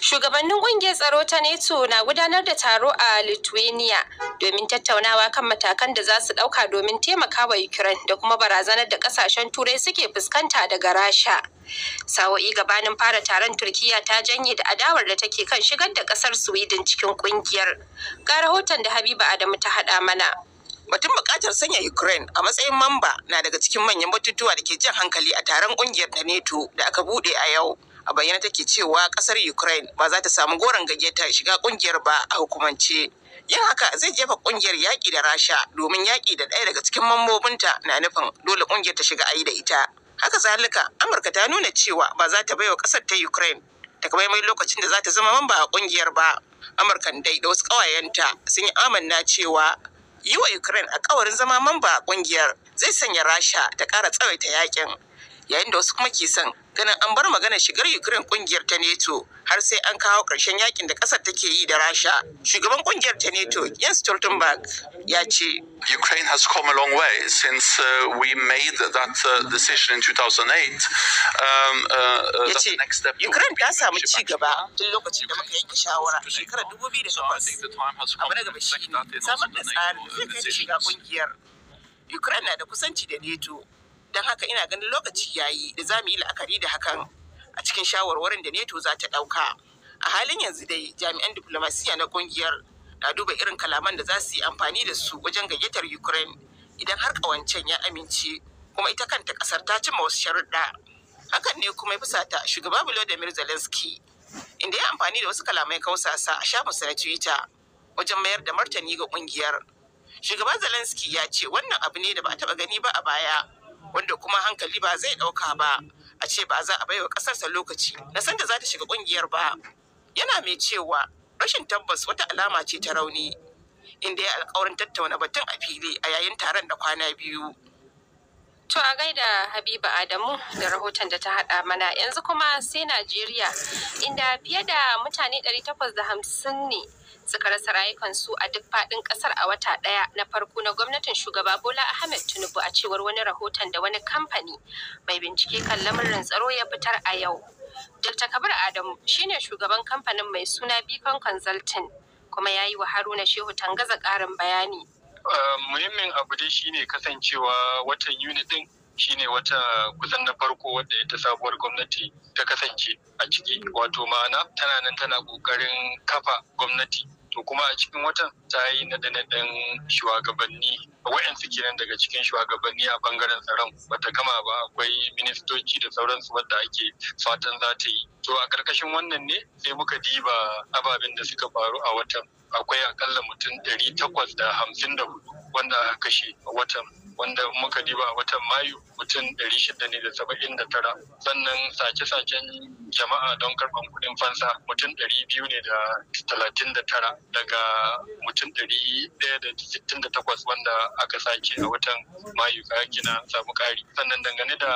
Shugabannin ƙungiyar tsaro ta NETO na gudanar da taro a Lithuania domin tattaunawa kan matakan da za su ɗauka domin taimakawa Ukraine da kuma barazanar da ƙasashen Turai suke fuskanta daga Rasha. Sawo'i gabanin fara taron Turkiyya ta janye da adawar da take kan shigar da ƙasar Sweden cikin ƙungiyar. Ga rahoton da Habiba Adamu ta haɗa mana. Batun buƙatar sanya Ukraine a matsayin mamba na daga cikin manyan batutuwa da ke jan hankali a taron ƙungiyar da NATO da aka buɗe a yau. a bayyana take cewa kasar Ukraine ba za ta samu goron gayyata shiga kungiyar ba a hukumance. Yin haka zai jefa kungiyar yaƙi da Rasha domin yaƙi da ɗaya daga cikin mambobinta na nufin dole kungiyar ta shiga ayi da ita. Haka zalika Amurka ta nuna cewa ba za ta baiwa kasar ta Ukraine takamaimai lokacin da za ta zama mamba a kungiyar ba. Amurkan dai da wasu ƙawayenta sun yi amanna cewa yi wa Ukraine a kawarin zama mamba a kungiyar zai sanya Rasha ta ƙara tsawaita yakin. Yayin da wasu kuma ke son ganin an bar magana shigar Ukraine kungiyar ta NATO har sai an kawo ƙarshen yakin da ƙasar take yi da Rasha. Shugaban kungiyar ta NATO Jens Stoltenberg ya ce Ukraine has come a long way since uh, we made that uh, decision in 2008. Um, uh, uh ya ce Ukraine ta samu ci gaba tun lokacin da muka yanke shawara shekarar 2008. Abu na gaba shi ne samar da tsari zai kai shiga kungiyar. Ukraine na da kusanci da NATO don haka ina ganin lokaci ya yi da za mu yi la'akari da hakan a cikin shawarwarin da neto za ta ɗauka a halin yanzu dai jami'an diplomasiya na kungiyar na duba irin kalaman da za su yi amfani da su wajen gayyatar ukraine idan har ƙawancen ya amince kuma ita kanta ƙasar ta cimma wasu sharuɗa hakan ne kuma ya fusata shugaba volodymyr zelensky inda ya amfani da wasu kalamai kausasa a shafinsa na twitter wajen mayar da martani ga kungiyar shugaba zelensky ya ce wannan abu ne da ba a taɓa gani ba a baya wanda kuma hankali ba zai ɗauka ba a ce ba za a baiwa ƙasarsa lokaci na sanda za ta shiga ƙungiyar ba yana mai cewa rashin tabbas wata alama ce ta rauni inda ya alkawarin tattauna batun a fili a yayin taron da kwana biyu To a gaida Habiba Adamu da rahoton da ta haɗa mana yanzu kuma sai Najeriya inda fiye da mutane 850 ne suka rasa rayukansu a duk faɗin ƙasar a wata ɗaya na farko na gwamnatin shugaba Bola Ahmed Tinubu a cewar wani rahoton da wani kamfani mai bincike kan lamarin tsaro ya fitar a yau. Dr. Kabir Adamu shine shugaban kamfanin mai suna Bikon Consulting kuma ya yi wa Haruna Shehu Tangaza ƙarin bayani. Eh, muhimmin abu dai shine kasancewa watan Yuni din shine wata kusan na farko wadda ita sabuwar gwamnati ta kasance a ciki wato ma'ana tana nan tana kokarin kafa gwamnati to kuma a cikin watan ta yi naɗe-naɗen shugabanni wa'yansu kenan daga cikin shugabanni a bangaren tsaron bata gama ba akwai ministoci da sauransu wadda ake fatan za ta yi to a ƙarƙashin wannan ne sai muka diba ababen da suka faru a watan akwai akalla mutum ɗari takwas da hamsin da hudu wanda aka kashe a watan wanda muka diba a watan mayu mutum 679 sannan sace-sacen jama'a don karban kudin fansa mutum 239 daga mutum 168 wanda aka sake a watan mayu ga na samu kari sannan dangane da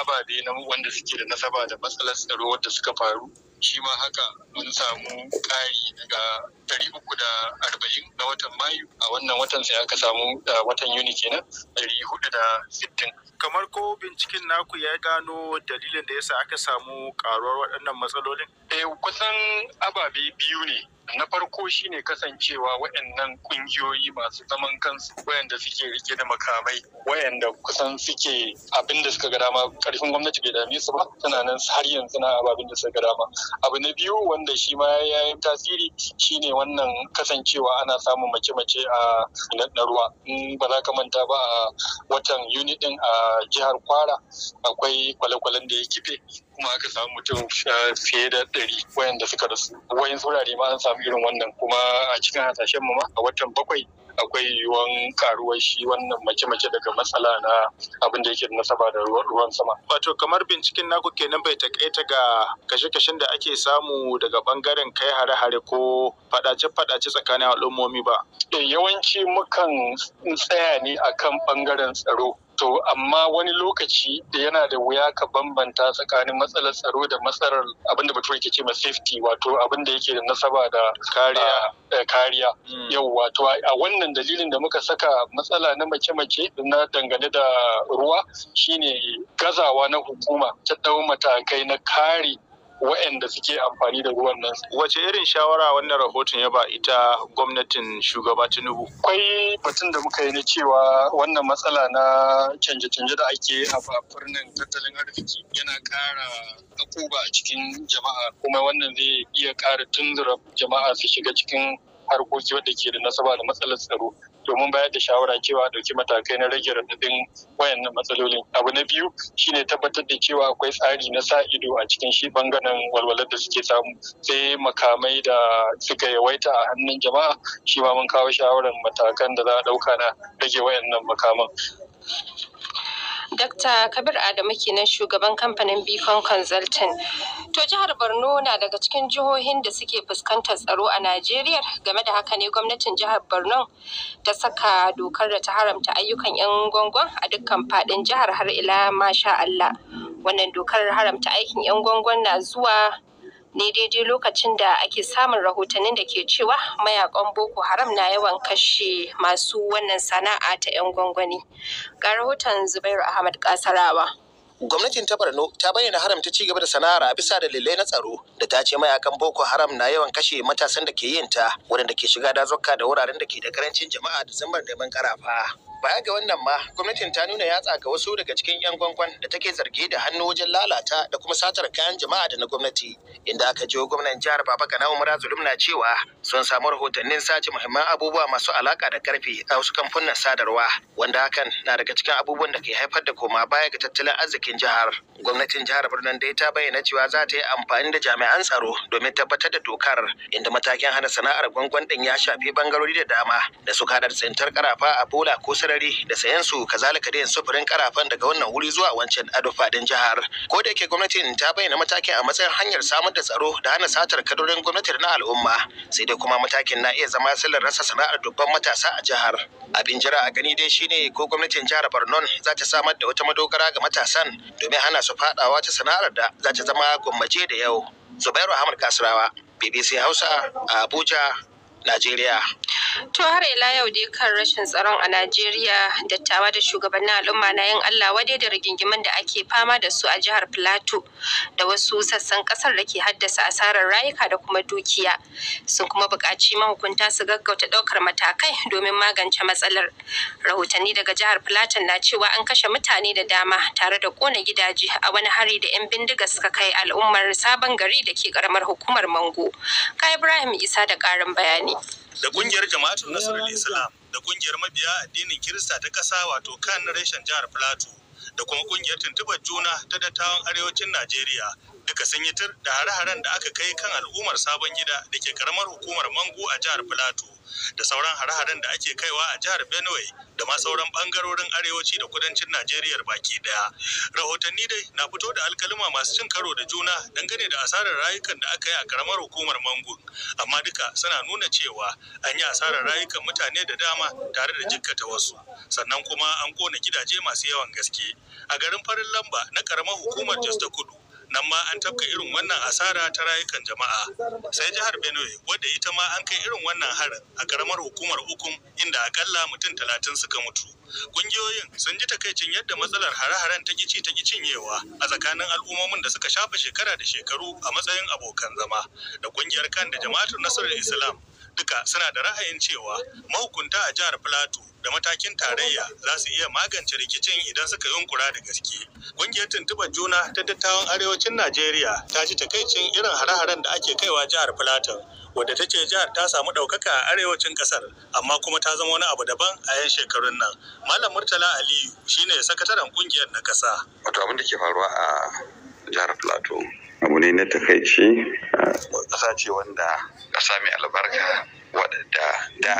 ababe na wanda suke da nasaba da matsalar tsaro wadda suka faru shi ma haka mun samu ƙari daga dari uku da arba'in na watan mayu a wannan watan sai aka samu da watan yuni kenan dari hudu da sittin. kamar ko binciken naku ya gano dalilin da yasa aka samu karuwar waɗannan matsalolin? eh kusan ababe biyu ne na farko shine kasancewa waɗannan ƙungiyoyi masu zaman kansu waɗanda suke rike da makamai waɗanda kusan suke abin da suka ga dama ƙarfin gwamnati bai dame su ba tana nan har yanzu na abin da suka ga dama abu na biyu wanda shi ma ya yi tasiri shine wannan kasancewa ana samun mace-mace a na ruwa in ba za ka manta ba a watan yuni din a jihar kwara akwai kwale-kwalen da ya kife kuma aka samu mutum fiye da ɗari wayanda suka rasu wayan wurare ma an samu irin wannan kuma a cikin hasashen mu ma a watan bakwai akwai yiwuwan karuwar shi wannan mace-mace daga matsala na abin da yake nasaba da ruwan sama. Wato kamar binciken naku kenan bai takaita ga kashe-kashen da ake samu daga bangaren kai hare-hare ko faɗace-faɗace tsakanin al'ummomi ba. Eh, yawanci mukan tsaya ne akan bangaren tsaro To amma wani lokaci da yana da wuya ka bambanta tsakanin matsalar tsaro da matsalar abinda mutum ke ce ma safety wato abinda yake da nasaba da kariya ah, hmm. Yau wato a wannan dalilin da muka saka matsala na mace-mace na dangane da ruwa shine gazawa na hukuma ta ɗau matakai na kare waɗanda suke amfani da ruwan nan. Wace irin shawara wannan rahoton ya ba ita gwamnatin shugaba Tinubu? Akwai batun da muka yi na cewa wannan matsala na canje-canje da ake a birnin tattalin arziki yana ƙara akuba a cikin jama'a kuma wannan zai iya ƙara tunzura jama'a su shiga cikin harkoki wadda ke da nasaba da matsalar tsaro domin bayar da shawara cewa a ɗauki matakai na rage raɗaɗin wayannan matsalolin. Abu na biyu shine tabbatar da cewa akwai tsari na sa ido a cikin shi bangaren walwalar da suke samu sai makamai da suka yawaita a hannun jama'a shi ma mun kawo shawarar matakan da za a ɗauka na rage wayannan makaman. Dakta Kabir Adamu kenan shugaban kamfanin Beacon Consulting. To jihar Borno na daga cikin jihohin da suke fuskantar tsaro a Najeriya game da haka ne gwamnatin jihar Borno ta saka dokar da ta haramta ayyukan 'yan gwangon a dukkan fadin jihar har ila masha Allah. Wannan dokar haramta aikin 'yan gwangon na zuwa ne daidai lokacin da ake samun rahotannin da ke cewa mayakan boko haram na yawan kashe masu wannan sana'a ta 'yan gwangwani ga rahoton zubairu ahmad kasarawa gwamnatin ta Barno ta bayyana haramta ci gaba da sana'ar a bisa dalilai na tsaro da ta ce mayakan Boko Haram na yawan kashe matasan da ke yin ta waɗanda ke shiga dazuka da wuraren da ke da karancin jama'a da zambar ban karafa. Baya ga wannan ma gwamnatin ta nuna yatsa ga wasu daga cikin 'yan gwangwan da take zargi da hannu wajen lalata da kuma satar kayan jama'a da na gwamnati inda aka jiyo gwamnan jihar Baba kana Umar Zulum na cewa sun samu rahotannin sace muhimman abubuwa masu alaka da karfe a wasu kamfanin sadarwa wanda hakan na daga cikin abubuwan da ke haifar da koma baya ga tattalin arzikin jihar. Gwamnatin jihar Birnin dai ta bayyana cewa za ta yi amfani da jami'an tsaro domin tabbatar da dokar inda matakin hana sana'ar gwangwan din ya shafi bangarori da dama da suka da tsintar karafa a bola ko sarar sarari da sayan su kazalika da yin sufurin karafan daga wannan wuri zuwa wancan ado fadin jihar ko da yake gwamnati ta bayyana matakin a matsayin hanyar samar da tsaro da hana satar kadorin gwamnati na al'umma sai dai kuma matakin na iya zama sallar rasa sana'ar dubban matasa a jihar abin jira a gani dai shine ko gwamnatin jihar Barnon za ta samar da wata madogara ga matasan domin hana su fadawa ta sana'ar da za ta zama gwammace da yau Zubairu Ahmad Kasrawa BBC Hausa a Abuja Najeriya. To har ila yau dai kan rashin tsaron a Najeriya dattawa da shugabannin al'umma na yin Allah wadai da rigingimin da ake fama da su a jihar Plateau da wasu sassan kasar da ke haddasa asarar rayuka da kuma dukiya. Sun kuma buƙaci mahukunta su gaggauta ɗaukar matakai domin magance matsalar. Rahotanni daga jihar Plateau na cewa an kashe mutane da dama tare da kona gidaje a wani hari da 'yan bindiga suka kai al'ummar sabon gari da ke karamar hukumar Mango. Ka Ibrahim Isa da ƙarin bayani. da kungiyar jama'atul nasarar islam da kungiyar mabiya addinin kirista ta ƙasa wato kan reshen jihar plateau da kuma kungiyar tuntuɓar juna ta dattawan arewacin najeriya duka sun yi tur da hare-haren da aka kai kan al'ummar sabon gida da ke karamar hukumar mangu a jihar filato da sauran hare-haren da ake kaiwa a jihar benue da ma sauran bangarorin arewaci da kudancin najeriya baki daya rahotanni dai na fito da alkalima masu cin karo da juna dangane da asarar rayukan da aka yi a karamar hukumar mangu amma duka suna nuna cewa an yi asarar rayukan mutane da dama tare da jikkata wasu sannan kuma an kona gidaje masu yawan gaske a garin farin lamba na karamar hukumar jos ta kudu nan ma an tafka irin wannan asara ta rayukan jama'a sai jihar benue wadda ita ma an kai irin wannan harin a karamar hukumar ukun, inda akalla mutum talatin suka mutu kungiyoyin sun ji takaicin yadda matsalar hare-haren ta kici ta cinyewa a tsakanin al'ummomin da suka shafa shekara da shekaru a matsayin abokan zama da kungiyar kan da jama'atul nasarar islam duka suna da ra'ayin cewa mahukunta a jihar Plateau da matakin tarayya za su iya magance rikicin idan suka yunkura da gaske. Ƙungiyar tuntuɓar juna ta dattawan arewacin Najeriya ta ji takaicin irin hare-haren da ake kaiwa jihar Plateau wadda ta ce jihar ta samu ɗaukaka a arewacin ƙasar amma kuma ta zama wani abu daban a yan shekarun nan. Malam Murtala Aliyu shine sakataren ƙungiyar na ƙasa. Wato abin da ke faruwa a jihar plateau abu ne na takaici kasa ce wanda kasa mai albarka waɗanda da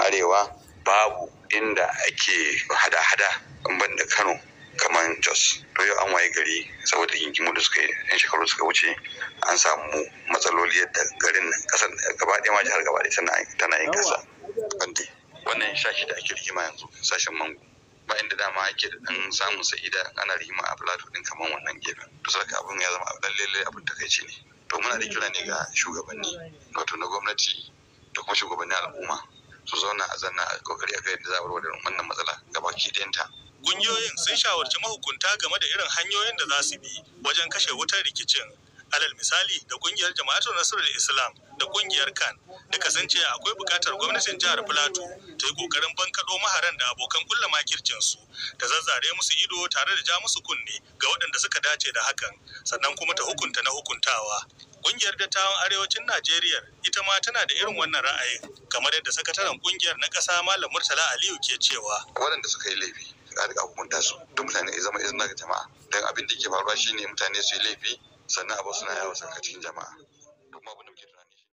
arewa babu inda ake hada-hada ban da kano kamar jos to yau an waye gari saboda yinkimu da suka yi yan shekaru suka wuce an samu matsaloli yadda garin kasar gaba ɗaya ma jihar gaba ɗaya tana yin kasa wannan shashi da ake rigima yanzu sashen mango ba inda dama ake da dan samun sa'ida ana rima a plato din kamar wannan gefen to saka abin ya zama lallai abin takaici ne to muna da kira ne ga shugabanni wato na gwamnati da kuma shugabannin al'umma su zauna a zanna a kokari a kai da za a warware wannan matsala da 'yanta. kungiyoyin sun shawarci mahukunta game da irin hanyoyin da za su bi wajen kashe wutar rikicin alal misali da ƙungiyar kungiyar Nasiru da islam da kungiyar kan da kasance akwai bukatar gwamnatin jihar filato ta yi kokarin bankaɗo maharan da abokan kulla su ta zazzare musu ido tare da ja musu kunne ga waɗanda suka dace da hakan sannan kuma ta hukunta na hukuntawa kungiyar dattawan arewacin Najeriya ita ma tana da irin wannan ra'ayin kamar yadda sakataren kungiyar na ƙasa Malam Murtala Aliyu ke cewa. Waɗanda suka yi laifi a rika hukunta su duk mutane ya zama izina ga jama'a don abin da ke faruwa shine mutane su yi laifi sannan abu suna yawo saka jama'a. Duk ma abin da